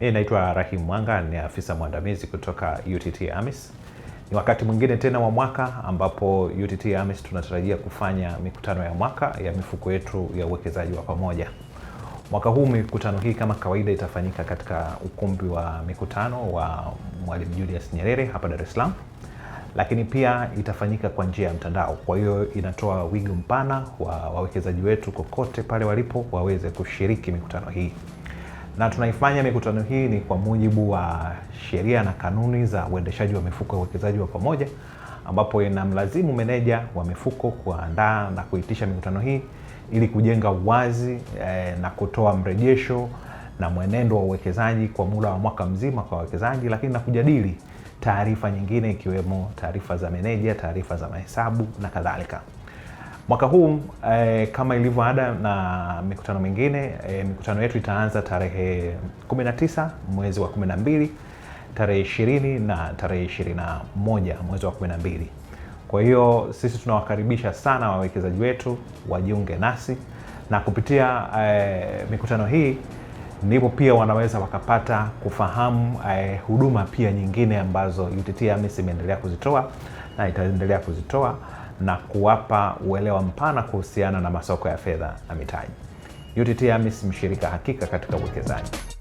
Mimi eh, naitwa Rahim Mwanga, ni afisa mwandamizi kutoka UTT AMIS. Ni wakati mwingine tena wa mwaka ambapo UTT AMIS tunatarajia kufanya mikutano ya mwaka ya mifuko yetu ya uwekezaji wa pamoja. Mwaka huu mikutano hii kama kawaida itafanyika katika ukumbi wa mikutano wa Mwalimu Julius Nyerere hapa Dar es Salaam, lakini pia itafanyika kwa njia ya mtandao. Kwa hiyo inatoa wigo mpana wa wawekezaji wetu kokote pale walipo waweze kushiriki mikutano hii na tunaifanya mikutano hii ni kwa mujibu wa sheria na kanuni za uendeshaji wa mifuko ya uwekezaji wa pamoja, ambapo inamlazimu meneja wa mifuko kuandaa na kuitisha mikutano hii ili kujenga uwazi eh, na kutoa mrejesho na mwenendo wa uwekezaji kwa muda wa mwaka mzima kwa wawekezaji, lakini na kujadili taarifa nyingine ikiwemo taarifa za meneja, taarifa za mahesabu na kadhalika. Mwaka huu e, kama ilivyo ada na mikutano mingine e, mikutano yetu itaanza tarehe 19 mwezi wa 12, tarehe 20 na tarehe 21 mwezi wa 12. Kwa hiyo sisi tunawakaribisha sana wawekezaji wetu wajiunge nasi na kupitia e, mikutano hii ndipo pia wanaweza wakapata kufahamu e, huduma pia nyingine ambazo UTT AMIS imeendelea kuzitoa na itaendelea kuzitoa na kuwapa uelewa mpana kuhusiana na masoko ya fedha na mitaji. UTT AMIS mshirika hakika katika uwekezaji.